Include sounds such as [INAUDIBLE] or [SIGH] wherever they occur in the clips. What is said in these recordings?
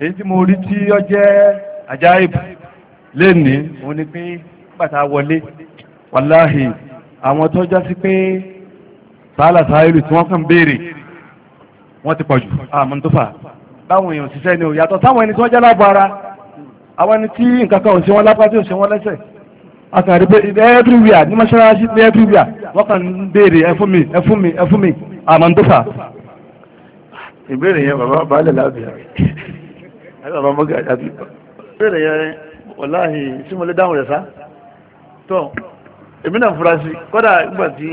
èyí tí mo rí tí ó jẹ́ àjáìbù lénìí mo ní pé bàtà wọlé wàláhì àwọn tó já sí pé sàálà sàáìlù tí wọ́n kàn béèrè wọ́n ti pọ̀ jù àmọ́ tó fà báwọn èèyàn ṣiṣẹ́ ni ò yàtọ̀ táwọn ẹni tí wọ́n jẹ́ lábọ̀ ara àwọn ẹni tí nǹkan kan ò sí wọn lápá tí ò sí wọn lẹ́sẹ̀ a kàn rí pé everywhere ní mọ́ṣáláṣí ní everywhere wọ́n kàn ń béèrè ẹ fún mi ẹ fún mi ẹ mi àmọ́ ìbéèrè yẹn bàbá balẹ̀ lábẹ́ ẹ̀rọ ọmọ gà dàbí bẹ́ẹ̀rẹ̀ yẹn wàláhì sí mo lè dáhùn rẹ̀ sá tó èmi náà fura sí kọ́dà ìgbà tí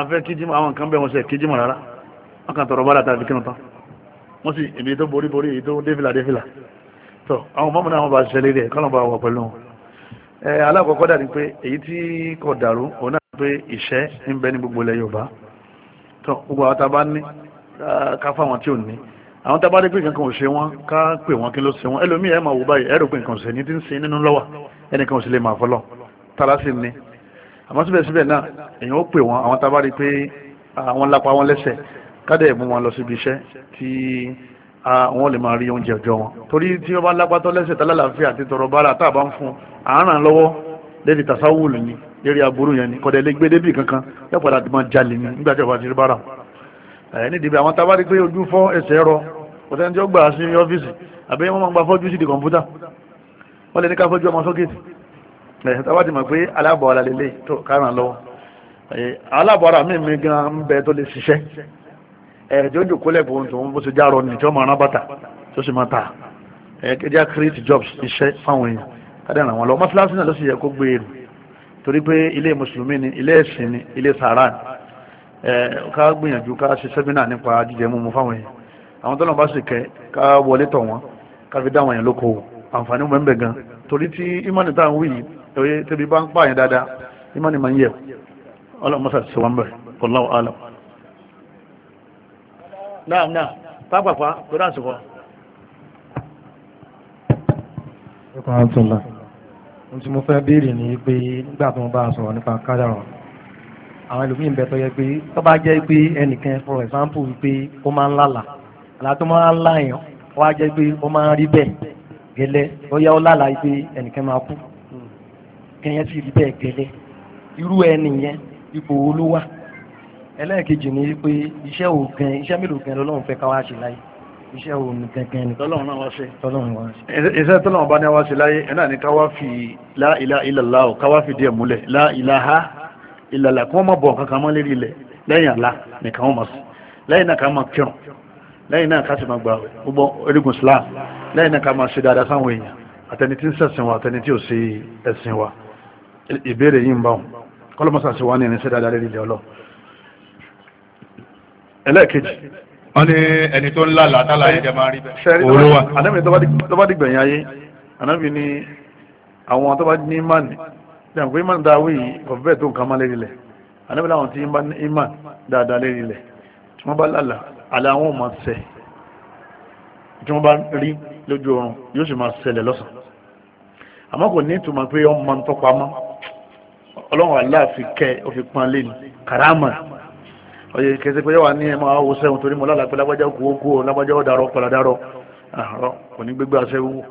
afẹ́ kíjímọ̀ àwọn nǹkan bẹ́ẹ̀ wọ́n sẹ̀ kíjímọ̀ rárá wọ́n kàn tọrọ bọ́lá tàbí kírun tán wọ́n sì èmi tó borí borí èyí tó défìlà défìlà tó àwọn mọ́mọ́ náà wọ́n bá ṣẹlẹ̀ rẹ̀ kọ́nà bá wọ̀ pẹ̀lú wọn ẹ alákọ̀ọ́kọ́ dà ní pé èyí tí kò dàrú òun náà a bá ní àwọn tá a bá rí pé nǹkan kan ò ṣe wọn ká pè wọn kí ló ṣe wọn ẹlòmíì ẹ máa wò báyìí ẹrù pé nǹkan ṣe ní ti ń sin nínú lọ́wọ́ ẹnìkan ò sì lè máa fọlọ́ tara sí ni àmọ́ síbẹ̀síbẹ̀ náà èèyàn ó pè wọn àwọn tá a bá rí pé àwọn lápá wọn lẹ́sẹ̀ kádẹ ìmú wọn lọ síbi iṣẹ́ tí wọn lè máa rí oúnjẹ ọjọ́ wọn torí tí wọn bá lápá tó lẹ́sẹ̀ tálálàáfíà àti tọrọ bára tá a bá ń fún àárán lọ́wọ́ ni lérí aburú yẹn ni kọ́dẹ̀ lé gbédébì kankan yóò padà pọ̀tẹ́ni tí ó gbà sí ọ́fíìsì àbí wọ́n máa ń gba fọ́jú sí di kọ̀ǹpútà wọ́n lè ní ká fọ́jú ọmọ sọ́kẹ́tì ẹ̀ táwa ti mọ̀ pé aláàbọ̀ ara lè lè tó káràn lọ́wọ́ aláàbọ̀ ara mi mi gan ń bẹ tó lè ṣiṣẹ́ ẹ̀ ó jù kólẹ̀ bó tó ta create jobs iṣẹ́ fáwọn èèyàn kádà ràn wọ́n lọ si àwọn tọ́lọ̀ bá sì kẹ́ ká wọlé tọ̀ wọn ká fi dá wọn yẹn lóko àǹfààní wọn bẹ̀ gan torí tí ìmọ̀nì tá à ń wí yìí ẹ̀wẹ́ tẹ́bi bá ń pààyàn dáadáa ìmọ̀nì máa ń yẹ̀ ọlọ́run mọ́sà ti sọ bẹ̀ ọlọ́run àlọ́. náà náà pápápá kó dá àsìkò. ẹ̀kọ́ àtúnlá ohun tí mo fẹ́ béèrè ni pé nígbà tó ń bá a sọ̀rọ̀ nípa kádàrọ̀ àwọn ẹlòmíín bẹ tó yẹ pé tó bá jẹ́ pé ẹnìkan for example pé ó máa ń lálàá àlàtó máa ń láàyàn wá jẹ́ pé ó máa ń rí bẹ́ẹ̀ gẹ́lẹ́ bóyá ó lálàá pé ẹnìkan máa kú kẹ́yìn sì rí bẹ́ẹ̀ gẹ́lẹ́ irú ẹni yẹn ipò wo ẹlẹ́ẹ̀kejì ni pé iṣẹ́ ògàn iṣẹ́ mélòó gan lọ́lọ́run fẹ́ ká wá ṣe láyé iṣẹ́ òun gangan ni tọ́lọ́run náà wá ṣe tọ́lọ́run wá ṣe iṣẹ́ tọ́lọ́run bá ní wá ṣe láyé ẹ̀ ni ká fi la ilaha illallah ká wá fi díẹ̀ múlẹ̀ la ilaha illallah kí wọ́n má bọ̀ kankan mọ́ lérí ilẹ̀ lẹ́yìn àlá nìkan wọ́n mọ̀ sí lẹ́yìn náà ká má kírun lẹ́yìn náà ká sì máa gba gbogbo orígun islam lẹ́yìn náà ká máa ṣe dáadáa sáwọn èèyàn àtẹni tí ń ṣẹ̀sìn wa àtẹni tí ò sí ẹ̀sìn wa ìbéèrè yìí ń bá wọn kọ́lọ́mọ́sà sí wa ní ìrìnsẹ̀ dáadáa lórí ilẹ̀ ọlọ́ ẹlẹ́ẹ̀kejì wọ́n ní ẹni tó ń lálàá tálà ẹ̀jẹ̀ máa rí bẹ́ẹ̀ olówà anábì tó bá ayé anábì ni àwọn tó bá ní ìmánì tí àwọn ìmánì dáwé yìí ọ̀fẹ́ wọ́n bá lálàá àlá wọn máa ṣẹ tí wọ́n bá rí lójú oorun yóò sì máa ṣẹlẹ̀ lọ́sàn àmọ́ kò ní ìtumọ̀ pé ọmọ máa ń tọ́pa mọ́ ọlọ́run àlá fi kẹ́ ó fi pọn lé ní kàráàmà ọyẹ kẹsẹ pé wà ní ẹ máa wo sẹ́wọ̀n torí mo lálàpẹ́ lágbájá kú ó lágbájá ó darọ́ àárọ̀ kò ní gbégbé aṣẹ́ wúwo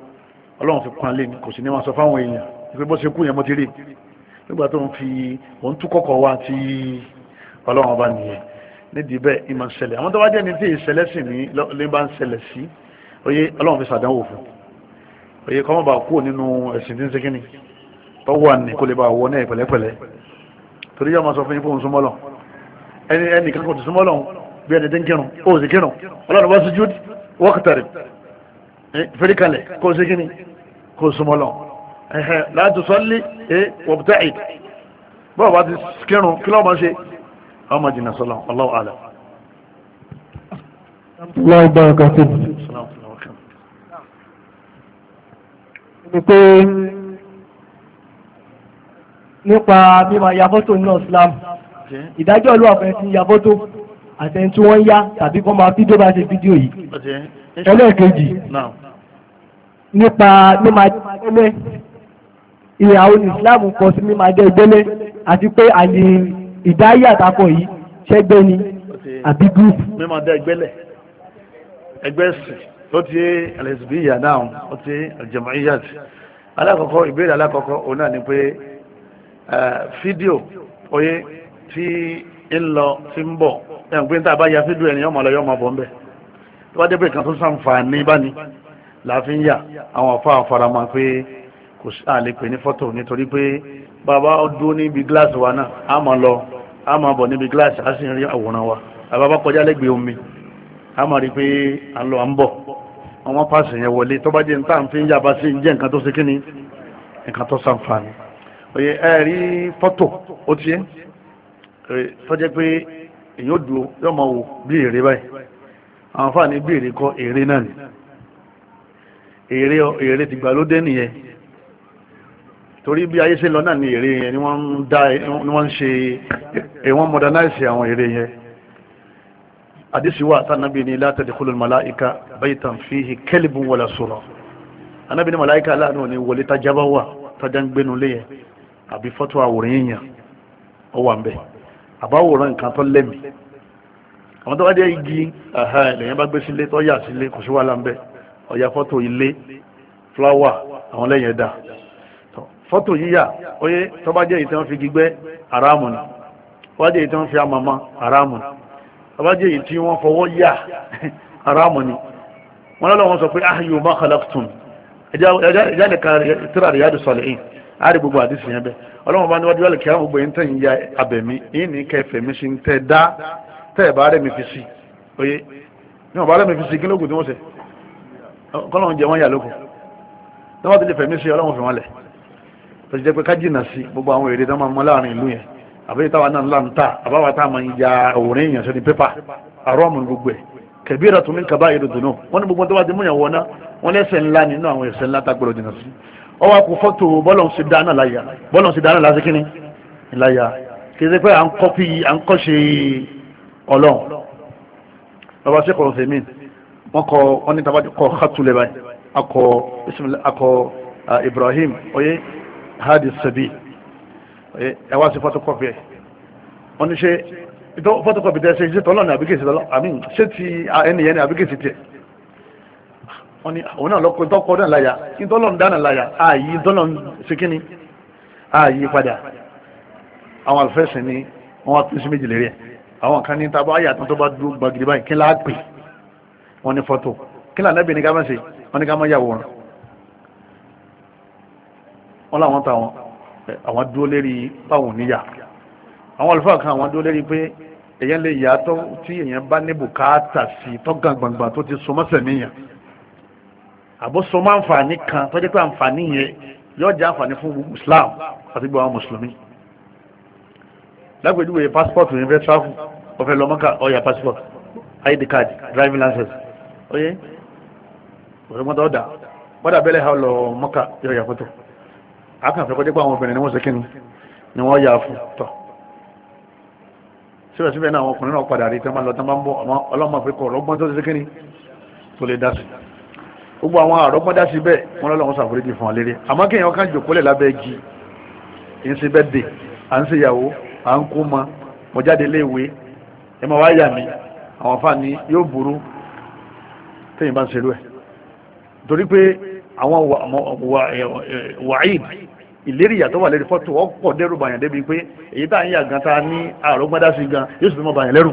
ọlọ́run fi pọn lé ní kò sì ní máa sọ fáwọn èèyàn pé bó ṣe kú yẹn mo ti rí nígbà tó ń fi òun tú kọ́kọ́ wá ti ọlọ́run ọba nìyẹn nídìí bẹ́ẹ̀ ìmọ̀ ṣẹlẹ̀ àwọn tó bá jẹ́ ní tí ìṣẹlẹ̀ sì ní lè bá ń ṣẹlẹ̀ sí oyé ọlọ́run fi ṣàdánwò fún oyé kọ́mọ́ bá kúrò nínú ẹ̀sìn tí ń ṣe kíni tó wà ní kó lè bá wọ náà pẹ̀lẹ́pẹ̀lẹ́ torí yóò máa sọ fún yín fóun súnmọ́ lọ ẹni ẹni kan kò ti súnmọ́ lọ bí ẹni tí ń kírun ó sì kírun ọlọ́run bá sujud wọ́kítàrì fẹ́ríkalẹ̀ kó ṣe kíni kó súnmọ́ lọ láti sọ́lí ẹ̀ wọ̀bùtà ẹ̀ bọ́ọ̀ bá ti kírun kí lọ́ọ̀ máa ṣe ọmọ jìnnà sọ́lá Allahu a'lam. láì bá ọkọ̀ sí i. pé nípa mímọ yabọ́tò nínú Islam ìdájọ́ ìlú àfẹ́ ti yabọ́tò àtẹni tí wọ́n yá tàbí kọ́ máa fídíò bá ṣe fídíò yìí. ẹlẹ́ẹ̀kejì nípa mímọ ẹgbẹ́lẹ́ ìyàwó ní Islam kọ sí mímọ ẹgbẹ́lẹ́ àti pé àlè ìdáyé àtakọ yìí ṣẹgbẹ́ ni àbí gúrùpù. mímọ dá ẹgbẹ́ lẹ̀ ẹgbẹ́ sìn ló ti alẹ́sìbíyà náà ó ti aljam'iyya ti alákọ̀ọ́kọ́ ìbéèrè alákọ̀ọ́kọ́ òun náà ni pé fídíò oyé tí ń lọ sí ń bọ̀ ẹ̀ ń pín tá a bá ya fídíò ẹni yọmọ lọ yọmọ bọ̀ ń bẹ̀ tó bá dé pé kan tó sàǹfààní bá láàfin yà àwọn afọ àfaramọ pé kò sí àlepè ní fọ́tò nítorí pé bàbá ó níbi gíláàsì wa náà á mọ̀ lọ a ma bọ̀ níbi gíláàsì a sì rí àwòrán wa àbábá kọjá lẹ́gbẹ̀ẹ́ omi a ma rí pé à lọ à ń bọ̀ àwọn páàsì yẹn wọlé tó bá jẹ́ fi ń yàbá sí jẹ́ nǹkan oye ẹ rí fọ́tò ó ti tọ́jẹ́ pé èyí ó dúró wò bí èrè báyìí àwọn bí èrè kọ èrè náà torí bí ayé ṣe lọ náà ni ère yẹn ni wọ́n ń dá ni wọ́n ń ṣe wọ́n modernize àwọn ère yẹn àdìsí sànàbí ni la tadkhulul màláìka baytan fihi kalbun wala sura anábì ni màláìka aláàánú ni wọlé tájá bá wà tájá ń gbénu lé yẹn àbí fọ́tò àwòrán yẹn ó wà ń bẹ̀ àbáwòrán nǹkan tó lẹ́mìí àwọn tó bá jẹ́ igi lèyìn bá gbé sílé tó yà sílé kò sí wàhálà ń bẹ̀ ó fọ́tò ilé fúláwà àwọn lẹ́yìn ẹ̀dá fọ́tò yíyà oye tọ́bájẹ́ èyí tí wọ́n fi gbígbẹ́ àrámù ni tọ́bájẹ́ èyí tí wọ́n fi amama àrámù ni tọ́bájẹ́ èyí tí wọ́n fọwọ́ yà àrámù [LAUGHS] ni wọ́n lọ́lọ́ wọn sọ pé ahyu ma khalaqtum ẹjá nìkan tíra rẹ̀ yàdù sọ̀lẹ̀ yìí àárí gbogbo àdìsí yẹn bẹ́ẹ̀ ọlọ́run bá níwájú wàlẹ̀ kí àwọn gbogbo yẹn tẹ̀yìn ya abẹ̀mí yìí ní kẹfẹ̀ mi ṣe ń tẹ́ dá tẹ́ ẹ̀ bá rẹ̀ mi fi sí oyé ní ọ̀bá rẹ̀ mi fi sí kí lóògùn tí wọ́n sẹ̀ kọ́lọ́run jẹ wọ́n yà lóko tí wọ́n ti lè fẹ̀mí sí ọlọ́run fi wọ́n lẹ̀ tó jẹ́ pé ká jìnà sí gbogbo àwọn èrè dán máa mọ́ láàrin ìlú yẹn àbẹ́yẹ táwa náà ńlá ń ta àbáwa tá a máa ń ya òwúrẹ́ èèyàn sẹ́ni pépà àrọ́ọ̀mù gbogbo ẹ̀ kẹ̀bíra tó ní kaba èrè dùnú wọ́n ní gbogbo tó bá ti múyàn wọ́ná wọ́n lẹ́sẹ̀ ńlá nínú àwọn ẹ̀ṣẹ̀ ńlá tágbọ́dọ̀ jìnà sí ọwọ́ kò fọ́tò bọ́lọ̀n sí dáná láyà bọ́lọ̀n sí dáná láyà kì hadi sabi eh, ẹ wá sí photocopy ẹ̀ wọ́n ní ṣe photocopy tẹ́ ṣe ṣe tọ́lọ́ ní àbíkèsí tọ́lọ́ àmì ṣé ti ah, ẹni yẹn ní àbíkèsí tiẹ̀ wọ́n ní òun náà lọ́kọ̀ tọ́kọ̀ náà láyà ìtọ́lọ́ ń dáná láyà ààyè ìtọ́lọ́ ń ṣe kíni ààyè padà àwọn àlùfẹ́sìn ni wọ́n wá pín sí méjì lérí ẹ̀ àwọn kan ní tábọ̀ ayé àtúntọ́ bá dúró gbàgìrì báyìí kí láà pè wọ́n ní fọ́tò kí láà nẹ́bí ní ká má ṣe wọ́n ní ká má yàwòrán wọ́n láwọn táwọn àwọn dúró lérí páwọn níyà àwọn àlùfáà kan àwọn dúró lérí pé èyàn lè yàtọ̀ tí èyàn bá ní bùkátà sí tọ́gàn gbangba tó ti so mọ́sẹ̀ níyàn àbó so mọ́ àǹfààní kan tó jẹ́ pé àǹfààní yẹn yóò jẹ́ àǹfààní fún Islam àti gbogbo àwọn mùsùlùmí lágbèjúwe passport yìí fẹ́ travel ọ̀fẹ́ lọ́mọ́kà ọ̀yà passport id card driving license oyè ọ̀rẹ́mọ́tò ọ̀dà bọ́dà bẹ́lẹ̀ ha lọ mọ́kà yọ̀ọ̀yà fọ́tò àkànfẹ́ kọjá pé àwọn obìnrin ni wọ́n ṣe kíni ni wọ́n yà fún tọ̀ síbẹ̀síbẹ̀ náà àwọn ọkùnrin náà padà rí tẹ́mà lọ tẹ́mà ń bọ́ ọlọ́mọ fi kọ̀ ọ̀rọ̀gbọ́n tó ṣe kíni tó lè dá sí gbogbo àwọn àrọ́gbọ́n dá sí bẹ́ẹ̀ wọ́n lọ́lọ́wọ́n ṣàforíjì fún aléré àmọ́ kí èèyàn kan jòkólẹ̀ lábẹ́ igi kó ma mo ìlérí ìyàtọ̀ wà lérí fọ́tò ọ̀pọ̀ dẹ́rù bàyàn débi pé èyí tá à ń yà gan ta ní àrò sí gan yóò sì fi mọ bàyàn lẹ́rù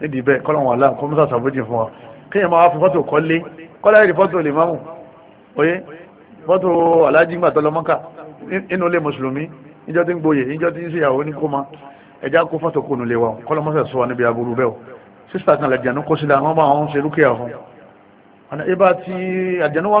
nídìí bẹ́ẹ̀ kọ́lọ̀ wọn aláǹ kọ́mọ́sà sàbójì fún wa kéèyàn máa fi fọ́tò kọ́lé kọ́lá yìí fọ́tò lè máàmù oyé fọ́tò alájí ńgbà tọ́lọ mọ́kà inú ilé mùsùlùmí níjọ́ tí ń gboyè níjọ́ tí ń ṣèyàwó ní kó ma ẹja kó fọ́tò kò nulẹ̀ wa kọ́lọ́ mọ́sà sọ wa níbi aburú bẹ́ẹ̀ o sísítà kan làjànú kó sílẹ̀ àwọn bá wọn ṣe lúkìá fún ibà tí àjànú wa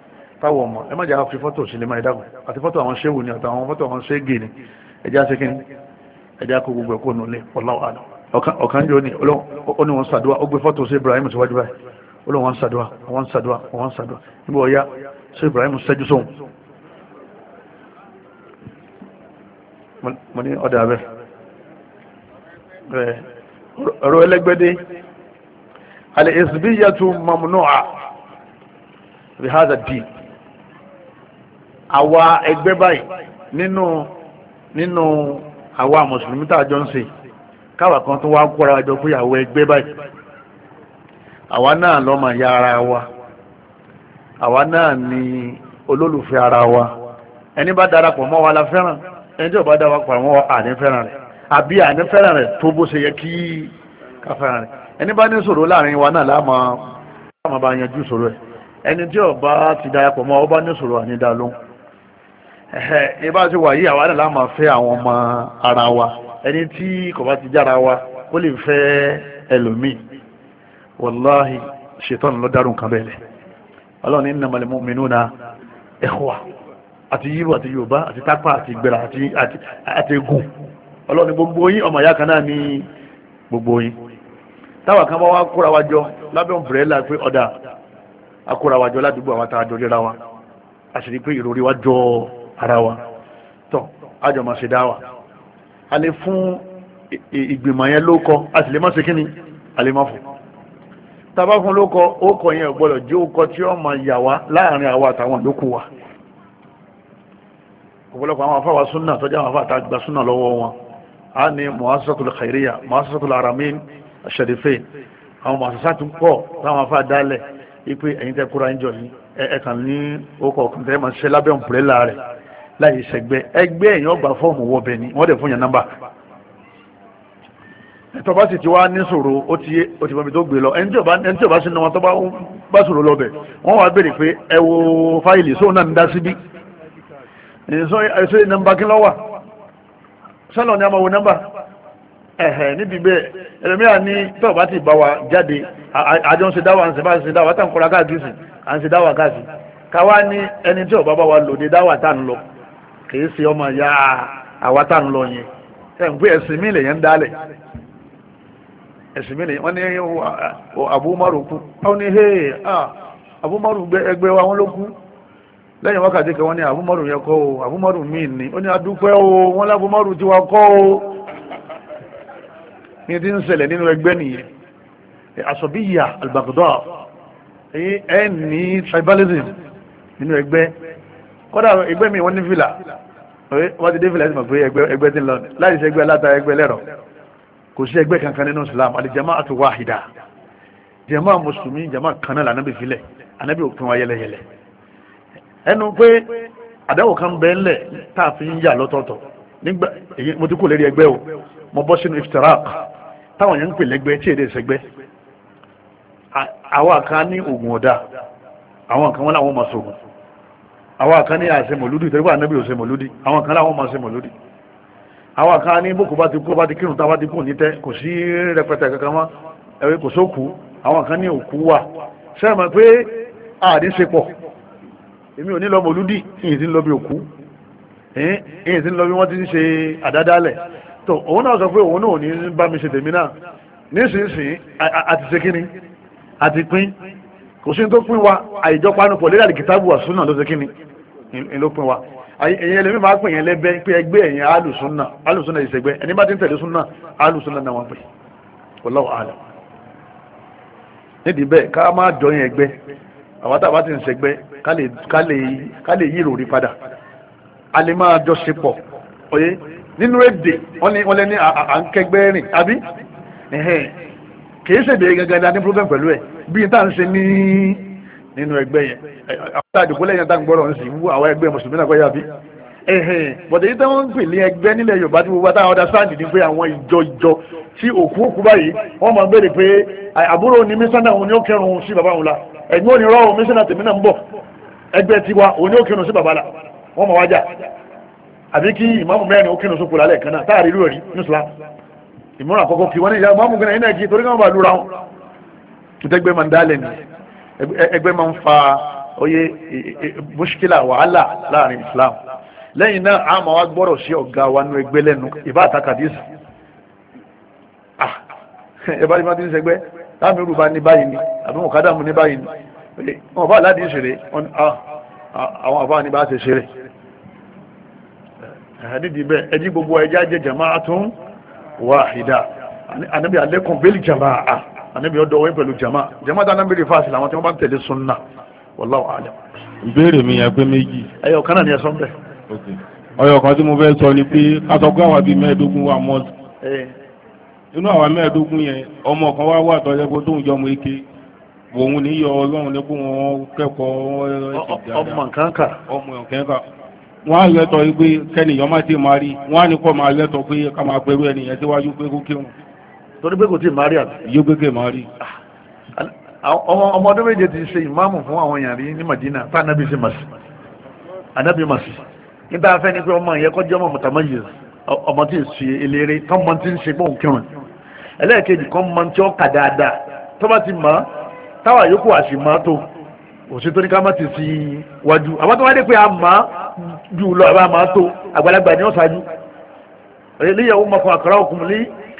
táwọn ọmọ ẹ má jà fi fọ́tò sí lè máa dákun àti fọ́tò àwọn ṣéwù ni àtàwọn fọ́tò àwọn ṣéègì ni ẹja ṣe kíni ẹja kó gbogbo ẹ̀kọ́ nulẹ̀ ọ̀làwọ̀ àná ọ̀kan jọ ni ó ní wọn ṣàdúrà ó gbé fọ́tò sí Ibrahim síwájú báyìí ó lọ wọn ṣàdúrà wọn Ibrahim ṣẹ́jú sóhun mo ní ọ̀dà abẹ́ ọ̀rọ̀ ẹlẹ́gbẹ́dẹ́ alẹ́ ìsìbíyàtú mamnu'a bihadha àwa ẹgbẹ́ báyìí nínú àwa mùsùlùmí tá ń kan tó wá kóra jọ pé ẹgbẹ́ báyìí àwa náà ma ara wa àwa náà ni olólùfẹ́ ara wa ẹni bá darapọ̀ mọ́ wa la fẹ́ràn ẹni tí ò bá darapọ̀ mọ́ wa àní fẹ́ràn rẹ̀ àbí àní fẹ́ràn rẹ̀ tó bó ṣe yẹ kí ká fẹ́ràn rẹ̀ ẹni bá ní ṣòro láàrin wa náà ìbá ti wà yí àwa náà láàmà fẹ́ àwọn ọmọ ara wa ẹni tí kò bá ti jára wa ó lè fẹ́ ẹlòmíì wàláhì ṣètọ́nù ló dárùn kan bẹ́ẹ̀ lẹ̀ ọlọ́run ní innamal mu'minuna ikhwa àti yíbo àti yorùbá àti tápà àti gbẹ̀rà àti egun ọlọ́run ní gbogbo yín ọmọ ìyá kan náà ní gbogbo yín táwa kan bá wá kóra wa jọ lábẹ́ òǹfẹ̀rẹ́lá pé ọ̀dà akóra wa jọ ládùúgbò àwọn tá a jọ ríra wa àṣírí pé ìròrí wa jọ ọ́ ara wa tọ́ àjọ máa ṣe dá wa a lè fún ìgbìmọ̀ yẹn ló kọ a sì lè má ṣe kíni a lè má fún tàbá fún ló kọ ó kọ yẹn gbọ́dọ̀ jẹ́ ó kọ tí ó máa yà wá láàrin àwa àtàwọn ìlókù wa ọ̀pọ̀lọpọ̀ àwọn afáwà súnà tọ́jú àwọn afáà tàgbà súnà lọ́wọ́ wọn a ní muhasatul khairiya muhasatul aramin asharife àwọn muhasasa tún pọ̀ táwọn afáà dálẹ̀ ipe ẹ̀yin tẹ́ ń jọ yìí ẹ̀ẹ̀kan ní ó kọ̀ọ̀kan tẹ́ láyé sẹgbẹ́ ẹgbẹ́ èèyàn gba fọ́ọ̀mù wọbẹ̀ ni wọ́n dẹ̀ fún yàn nọ́mbà tó bá sì ti wá ní sòro ó ti yé ó ti bọ̀ mi tó gbé lọ ẹni tí ò bá sí ní wọn tó bá sòro lọ bẹ̀ wọ́n wá béèrè pé ẹ wo fáìlì sóun náà ń dá síbí ẹ̀sọ́ nọ́mbà kí lọ́wà sọ́lọ̀ ni a máa wo nọ́mbà ẹ̀hẹ̀ níbi bẹ́ẹ̀ ẹlẹ́mìíràn ní tọ́ọ̀ bá ti bá wa jáde àjọ ń ṣe dáwà ń ṣe bá ń ṣe dáwà tá ń kọ́ra káàkiri à ń ṣe dáwà káàkiri káwa ní ẹni tí ò bá bá wa lò ní dáwà tá ń lọ kìí ṣe ọmọ ìyá àwa tá à ń lọ yẹn ẹ̀ ń pè ẹ̀sìn mi lè yẹn ń dálẹ̀ ẹ̀sìn mi lè yẹn wọ́n ní abúmọ́rù kú wọ́n ní hey abúmọ́rù ẹgbẹ́ wa wọ́n ló kú lẹ́yìn wákàtí kan wọ́n ní abúmọ́rù yẹn kọ́ o abúmọ́rù míì ni ó ní adúpẹ́ o wọ́n lábúmọ́rù tiwa kọ́ o ní ti ń ṣẹlẹ̀ nínú ẹgbẹ́ nìyẹn asọ̀bíyà al-Baghdad ẹ̀ ní tribalism nínú ẹgbẹ́ kọ́dà ẹgbẹ́ mi wọ́n ní fìlà wọ́n ti dé fìlà ẹ̀sìn pé ẹgbẹ́ ti ń lọ láì sí ẹgbẹ́ aláta ẹgbẹ́ lẹ́rọ kò sí ẹgbẹ́ kankan nínú Islam àlìjàmá àti wàhídà jàmá mùsùlùmí jàmá kan náà lànà bí filẹ̀ ànábì òpin wa yẹlẹyẹlẹ ẹnu pé àdáwò kan bẹ́ẹ̀ ńlẹ̀ tá a fi ń yà lọ́tọ̀ọ̀tọ̀ nígbà èyí mo ti kú lérí ẹgbẹ́ o mo bọ́ sínú iftirak táwọn yẹn ń pè lẹ́gbẹ́ tí èdè ìṣẹ́gbẹ́ àwọn kan ní oògùn ọ̀dà àwọn kan wọn làwọn máa sọ̀gùn àwọn kan ní àṣẹ mọ̀lúdì tẹ́lẹ̀kọ́ ànábì ò ṣe mọ̀lúdì àwọn kan láwọn máa ṣe mọ̀lúdì àwọn kan ní bókù bá ti kú bá ti kírun tábá ti kù ní tẹ́ kò sí rẹpẹtẹ kankan mọ́ ẹ̀rẹ́ kò sókù àwọn kan ní òkú wà sẹ́ẹ̀mọ̀ pé àdíṣepọ̀ èmi ò ní lọ mọ̀lúdì ìyìn tí ń lọ bí òkú ìyìn tí ń lọ bí wọ́n ti ń ṣe àdádálẹ̀ tó òun náà sọ pé òun náà ò ní bá mi ṣe tèmi náà nísinsìnyí àti ṣe kíni àti pín kò sí ní tó pín wa àìjọpanupọ̀ lórí àdìkítàbù àsúnà ló ṣe kíni ìlópin wa ẹ̀yìn ẹlẹ́mí máa pè yẹn lẹ́bẹ́ pé ẹgbẹ́ ẹ̀yìn alùsùnà alùsùnà ìṣẹ̀gbẹ́ ẹni bá ti ń tẹ̀lé súnà alùsùnà náà wọ́n pè wallahu a'lam nídìí bẹ́ẹ̀ ká má jọyìn ẹgbẹ́ àwọn tá a bá ti ń ṣẹgbẹ́ ká lè yí ìròrí padà a lè máa jọ ṣe pọ̀ oyé nínú èdè wọ́n lé ní à ń kẹgbẹ́ rìn àbí kì í ṣèdè gangan ní problem pẹ̀lú ẹ̀ bí n tá à ń ṣe ní nínú ẹgbẹ́ yẹn àwọn àdìpọ̀ lẹ́yìn tá à ń gbọ́dọ̀ ń sìn wú àwọn ẹgbẹ́ mùsùlùmí náà kọjá bí bọ̀dé yìí tí wọ́n ń pè ní ẹgbẹ́ nílẹ̀ yorùbá tí gbogbo àtàwọn ọ̀dà sáàdì ní pé àwọn ìjọ ìjọ tí òkú òkú báyìí wọ́n máa ń béèrè pé àbúrò ni mísánà òun ni ó kẹrùn òun sí bàbá òun la ẹ̀gbọ́n ni rọ́ọ̀ mísánà tèmi náà ń bọ̀ ẹgbẹ́ tiwa òun ni ó kẹrùn sí bàbá la wọ́n máa wájà àbí kí ìmáàmù mẹ́rin ó kẹrùn sókò lálẹ́ kan náà táàrí lórí nísìlá ìmúra àkọ́kọ́ kí wọ́n ní ìyá ìmáàmù gan-an ẹgbẹ́ máa ń fa oyè e, e, mushkila wàhálà láàrin islam lẹ́yìn náà a máa wá gbọ́rọ̀ sí ọ̀gá wa nú ẹgbẹ́ lẹ́nu ìbá àtàkàdísì ah, ẹ̀bá ni wọ́n ti ń sẹgbẹ́ láàmì rúbá ní báyìí ni àbí wọn kádà mú ní báyìí ni wọn bá aládìí ṣeré ah, àwọn àbá ni bá ṣe ṣeré àdídì bẹ́ẹ̀ ẹjí gbogbo ẹjá jẹ jama'a tún wahida ànábì alẹ́kùn bẹ́ẹ̀lì jama'a ànábì ọdọ wọ́n pẹ̀lú jama jama dáná bèrè fáàsì làwọn tí wọ́n bá ń tẹ̀lé sunna wallahu alam. ìbéèrè mi yẹn pé méjì. ẹyọ ni sọ ń kan mo sọ ni pé kásọgbó àwa bíi mẹ́ẹ̀ẹ́dógún wa mọ́ inú àwa ọmọ kan wá wà tọ́jú eke wọ́n á lẹ́tọ̀ọ́ má torí pé kò tí mari àti. yóò gbégbé mari. Ah, ah, ọmọ ọdún méje ti ṣe ìmáàmù fún àwọn èèyàn rí ní Madina tá ànábì ṣe màsí ànábì màsí níta afẹ́ ni pé ọmọ yẹn kọjá ọmọ mọ̀tàmáyì ọmọ tí ì ṣe eléré tọ́mọ tí ń ṣe bóun kírun ẹlẹ́ẹ̀kejì kan mọ tí ó kà dáadáa tó bá ti mọ̀ táwa yòókù àṣì mọ́ tó òṣètò ní ká má ti fi wájú àwọn tó wá dé pé a mọ̀ jù lọ àbá máa tó àgbàlagbà ni ó ṣáájú eléyàwó mọ̀ àkàrà òkùnrin